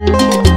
you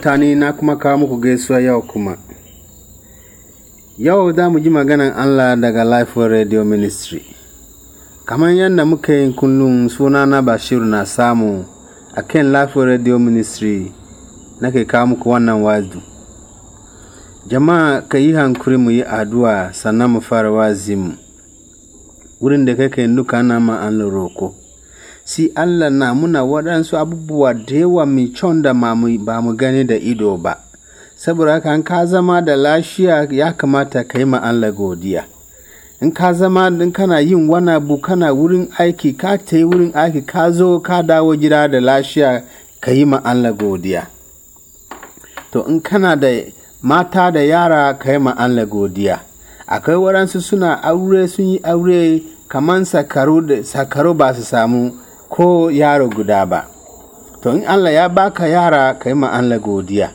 mutane na kuma kawo muku gaisuwa yau kuma. Yau za mu ji maganan Allah daga Life Radio Ministry. Kamar yadda muka yi kullum sunana Bashiru na samu a kan Life Radio Ministry na ke kawo muku wannan wazu. Jama'a ka yi hankuri mu yi addu'a sannan mu fara wazimu. Wurin da kai ka yi duka na an roko. si Allah na muna waɗansu abubuwa da yawa mai kyau da ba mu gani da ido ba. Saboda haka in ka zama da lashiya ya kamata ka yi ma Allah godiya. In ka zama in kana yin wani abu kana wurin aiki ka ta yi wurin aiki ka zo ka dawo gida da lashiya ka yi ma Allah godiya. To in kana da mata da yara ka yi ma Allah godiya. Akwai waɗansu suna aure sun yi aure kamar sakaro ba su samu ko yaro guda ba to in allah ya baka yara ka yi allah godiya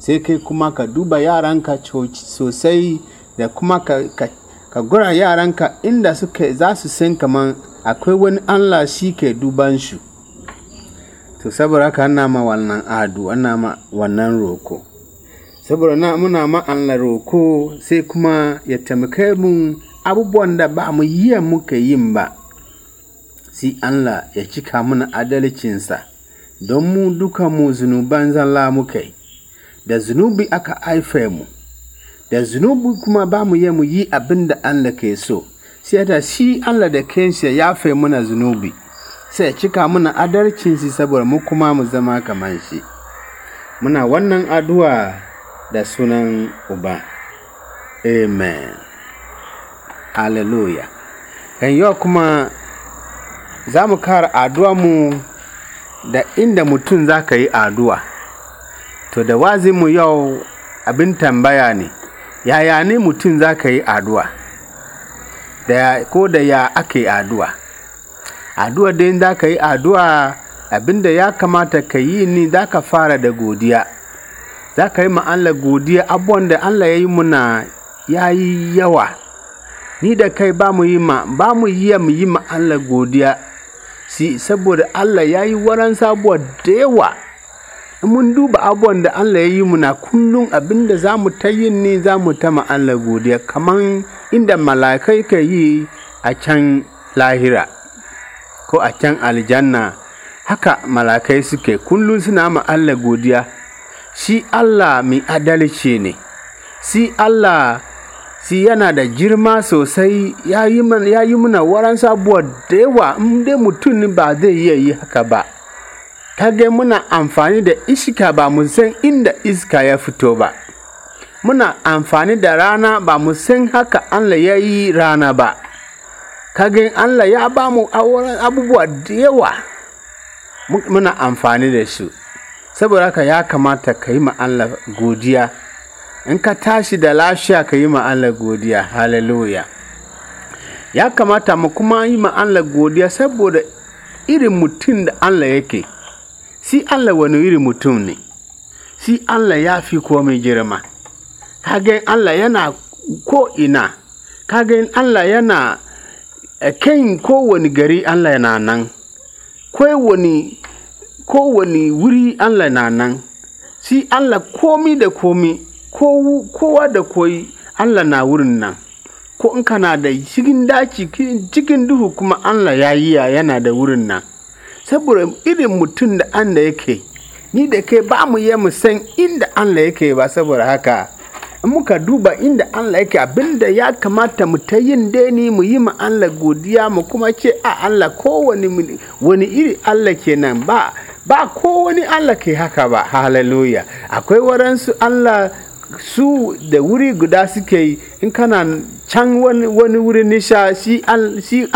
sai kai kuma ka duba yaranka sosai da kuma ka, ka gura yaranka inda suka za su san kaman akwai wani allah shi ke duban shi to saboda haka ana ma wannan adu ana ma wannan roko saboda na muna ma allah roko sai kuma ya taimake mu abubuwan da ba mu yi muka yin ba si Allah ya cika mana adalcinsa, don mu duka mu zunuban zalla muka yi, da zunubi aka haife mu, da zunubi kuma ba mu yi mu yi abin da Allah ke so, sai da shi Allah da kansa ya yafe mana zunubi, sai ya cika mana adalcinsa saboda mu kuma mu zama kamar shi. Muna wannan addu'a da sunan Uba. Amen. Hallelujah. Kan yau kuma za mu kara adu'a mu da inda mutum za ka yi addu'a to da wazinmu yau abin tambaya ne yaya ne mutum za ka yi addu'a ko da ya ake addu'a addu'a dai za ka yi addu'a abin da ya kamata ka yi ni za ka fara da godiya za ka yi ma Allah godiya abubuwan da Allah ya yi muna ya yi yawa ni da kai ba mu yi ma mu yi ma Allah godiya shi saboda Allah ya yi waran sabuwa da yawa mun duba abubuwan da Allah ya yi muna kullum abinda za mu ta yin ne za mu ta Allah godiya kamar inda malakai ka yi a can lahira ko a can aljanna haka malakai suke kullum suna ma Allah godiya shi Allah mai adalci ne si Allah si yana da girma sosai ya yi mana waran sabuwa da yawa in dai mutum ba zai iya yi haka ba kage muna amfani da iska ba mu san inda iska ya fito ba muna amfani da rana ba mu san haka allah ya yi rana ba kage allah ya ba mu abubuwa da yawa muna amfani da su saboda haka ya kamata ka yi ma allah godiya in ka tashi da lafiya ka yi Allah godiya hallelujah ya kamata mu kuma yi Allah godiya saboda irin mutum da Allah yake si Allah wani irin mutum ne si Allah ya fi komai girma kagen Allah yana ko ina kagen Allah yana eh, kan kowane gari Allah yana nan kowane wuri Allah na nan si Allah komi da komi kowa da koyi Allah na wurin nan ko in kana da cikin daci cikin duhu kuma Allah ya yi yana da wurin nan saboda irin mutum da Allah yake ni da kai ba mu yi mu san inda Allah yake ba saboda haka in muka duba inda Allah yake abinda ya kamata mu ta yin ni mu yi ma Allah godiya mu kuma ce a Allah kowane wani iri Allah kenan ba ba ko wani Allah ke haka ba hallelujah akwai waransu Allah su da wuri guda suke yi in kana can wani wuri nisha shi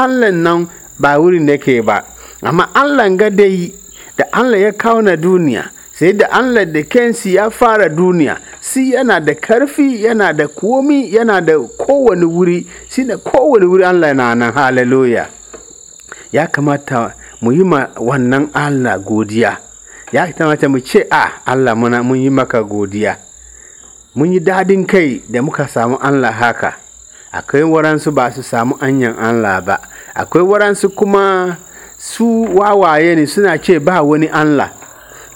allah nan ba wuri ne ke ba amma allah gada yi da allan ya kawo na duniya sai da allah da kensi ya fara duniya si yana da karfi yana da komi yana da kowane wuri shi da kowane wuri allan na nan hallelujah ya kamata mu yi ma wannan allah godiya ya kamata mu ce a ah, allah mun yi maka godiya mun yi dadin kai da muka samu Allah haka akwai waransu ba su samu anyan Allah ba akwai waransu kuma su wawaye ne suna ce ba wani Allah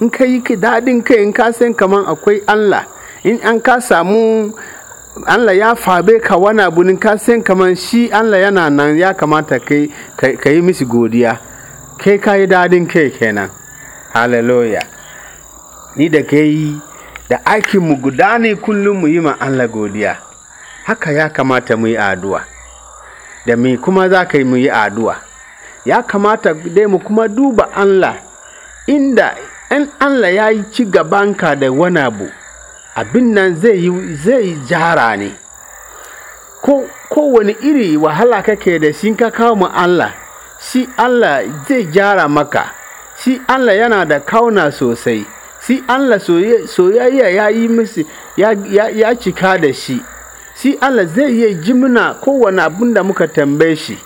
in ka yi dadin kai in ka san kaman akwai Allah in an ka samu Allah ya fabe ka wani abu ka san kaman shi Allah yana nan ya kamata ka yi misi godiya kai ka yi daɗin kai kenan hallelujah ni da yi. da aikinmu guda ne kullum mu yi ma Allah godiya haka ya kamata mu yi addu'a da me kuma za ka yi mu yi addu'a ya kamata dai mu kuma duba Allah inda 'yan Allah ya yi ci gabanka da wani abu abin nan zai yi zai jara ne ko kowane iri wahala kake da shi ka kawo mu Allah shi Allah zai jara maka shi Allah yana da kauna sosai si Allah soyayya ya yi musu ya cika da shi si Allah zai iya jimina kowane abun da muka tambaye shi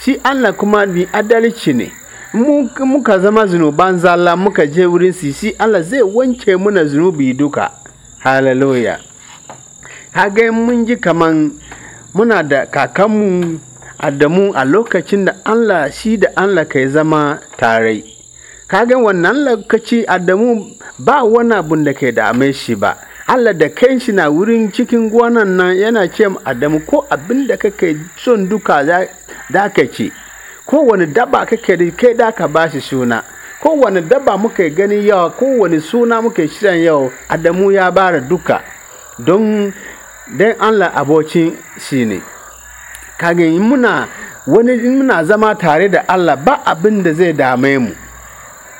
si Allah kuma ni adalci ne muka zama zunuban zala muka je wurin si si Allah zai wanke muna zunubi duka hallelujah haga mun ji kaman muna da kakanmu Adamu a lokacin da Allah shi da Allah kai zama tare kagan wannan lokaci adamu ba wani abun da ke dame shi ba Allah da kai shi na wurin cikin gonan nan yana ce adamu ko abin da kake son duka za ka ci wani daba kake kai da ka ba shi suna Ko wani daba muka gani yawa Ko wani suna muka shirin yau adamu ya bara duka don dan Allah abocin shi ne kage muna wani muna zama tare da Allah ba abin da zai dame mu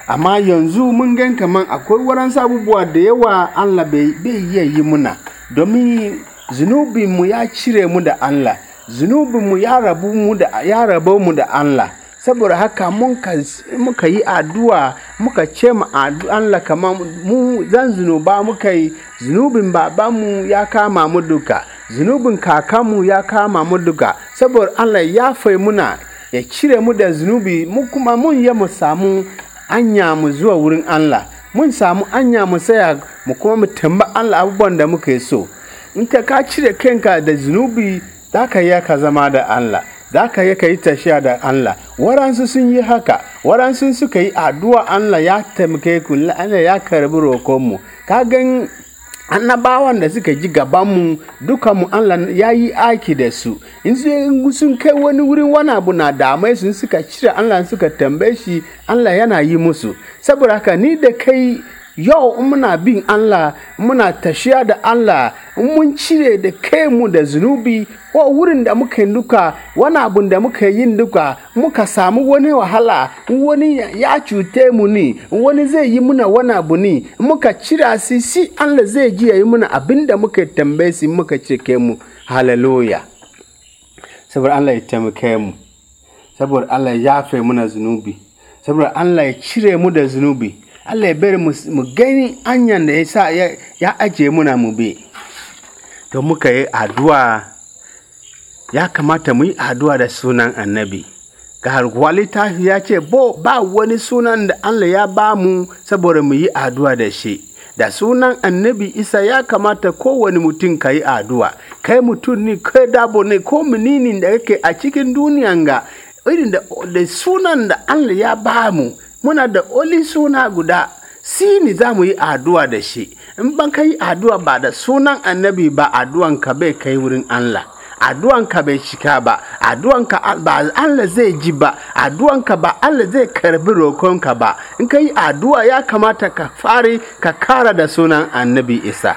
amma yanzu mun gan kaman akwai waɗansu abubuwa da yawa Allah bai iya yi muna domin zunubinmu ya cire mu da Allah zunubinmu ya rabu mu da ya rabo mu da Allah saboda haka muka yi addu'a muka ce ma Allah kama mu zan zunuba muka yi zunubin babanmu ya kama mu duka zunubin kakanmu ya kama mu duka saboda Allah ya fai muna ya cire mu da zunubi mu kuma mun ya mu samu anya mu zuwa wurin Allah mun samu anya mu saya mu kuma mu tamba Allah abubuwan da muka so in ka ka cire kanka da zunubi zaka yi ka zama da Allah zaka ka yi ka yi tashiya da Allah waransu sun yi haka waransu suka yi addu'a Allah ya taimake ku Allah ya karbi mu ka gan annabawan da suka ji gabanmu dukanmu Allah ya yi aiki da su in sun kai wani wurin wani abu na damai sun suka cire Allah suka tambaye shi Allah yana yi musu saboda haka ni da kai yau in muna bin Allah muna tashiya da Allah mun cire da kai mu da zunubi ko wurin da muka yi duka wani abun da muka yi duka muka samu wani wahala wani ya cute mu ne wani zai yi muna wani abu ne muka cira si si Allah zai ji ya yi muna abin da muka tambaye si muka ce kai mu hallelujah saboda Allah ya taimake mu saboda Allah ya yafe muna zunubi saboda Allah ya cire mu da zunubi Allah ya mu gani hanyar da ya sa ya ajiye muna mu bi to muka yi addu'a ya kamata mu yi addu'a da sunan annabi ga littafi ya ce bo ba wani sunan da Allah ya ba mu saboda mu yi addu'a da shi da sunan annabi isa ya kamata kowane mutum ka yi addu'a kai mutum ne kai dabo ne ko menene da kake a cikin duniyan ga irin da sunan da Allah ya ba mu muna da oli suna guda sini za mu yi addu'a da shi in ban ka yi addu'a ba da sunan annabi ba addu'an ka bai kai wurin Allah addu'an ka bai shika ba addu'an ka ba Allah zai ji ba addu'an ka ba Allah zai karbi rokon ka ba in ka yi addu'a ya kamata ka fari ka kara da sunan annabi Isa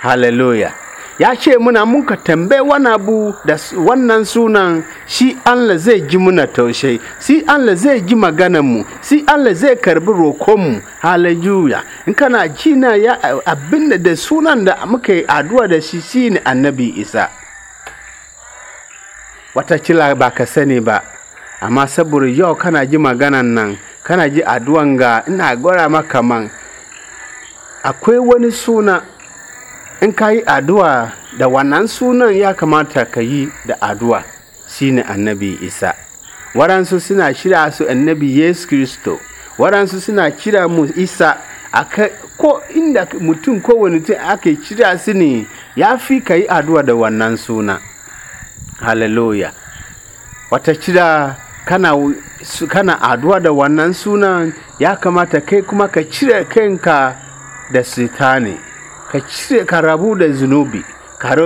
hallelujah ya ce muna muka tambaye wani abu da wannan sunan shi Allah zai ji muna taushe si Allah zai ji shi si Allah zai karbi rokonmu halajuya in kana ji na ya abinda da sunan da muka yi aduwa da shi ne annabi isa wata cila ba ka sani ba amma saboda yau kana ji maganan nan kana ji aduwan ga ina gora maka man akwai wani suna in ka yi addu'a da wannan sunan ya kamata ka yi da addu'a shine annabi isa waransu suna shira su annabi yesu kristo waransu suna kira mu isa aka ko inda mutum kowane mutum ake kira su ne ya fi ka yi addu'a da wannan suna hallelujah wata kira kana, kana addu'a da wannan sunan ya kamata kai kuma ka cire kanka da sitani ka cire ka rabu da zunubi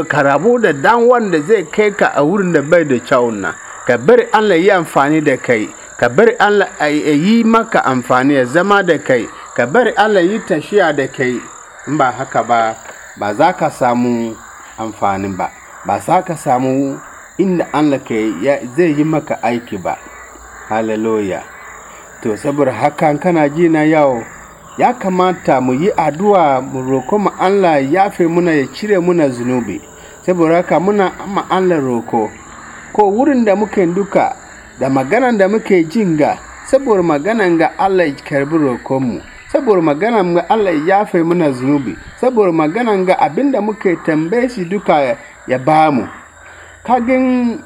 ka rabu da dan wanda zai kai ka a wurin da bai da kyawun na ka bari Allah yi amfani da kai ka bari Allah yi maka amfani ya zama da kai ka bari Allah yi tashiya da kai in ba haka ba ba za ka samu amfanin ba ba za ka samu inda Allah kai zai yi maka aiki ba hallelujah to saboda hakan kana ji na yawo ya kamata mu yi addu'a mu roko mu Allah ya yafe muna ya cire muna zunubi saboda haka muna ma Allah roko ko wurin da muke duka da maganan da muke jinga saboda maganan ga Allah ya karbi rokonmu mu saboda maganan ga Allah ya fi muna zunubi saboda maganan ga abinda muke tambaye shi duka ya ba ka kagin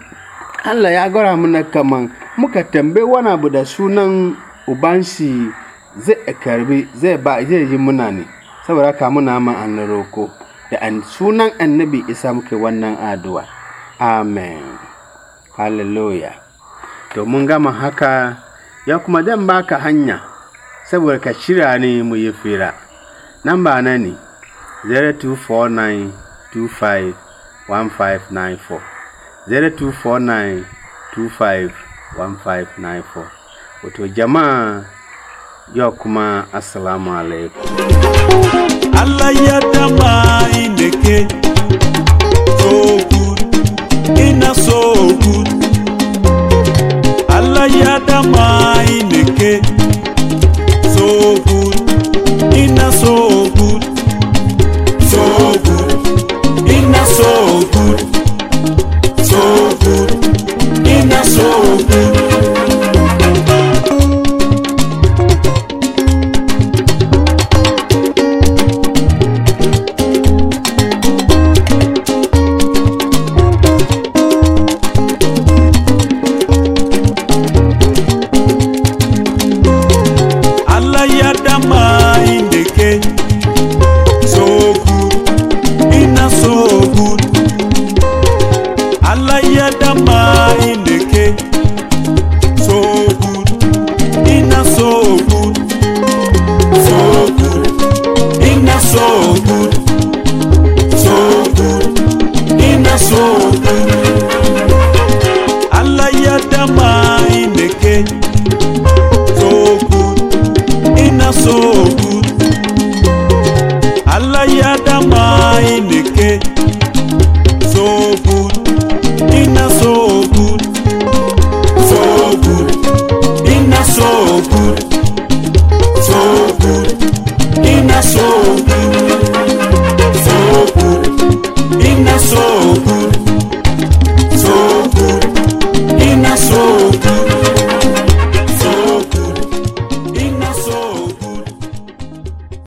Allah ya gwara muna kaman muka tambaye wani abu da sunan ubansi zai karbi zai ba zai yi muna ne saboda ka muna ma an roko da an sunan annabi isa muke wannan addu'a amen hallelujah to mun gama haka ya kuma dan baka hanya saboda ka shira ne mu yi fira nan ba na ne 0249251594 0249251594 wato jama'a Yau kuma Assalamu alaikum. Allah ya dama ineke, so good, ina so good. Allah ya dama ineke, so good, ina so good. So good, ina so good. So good, ina so good. binadamu ini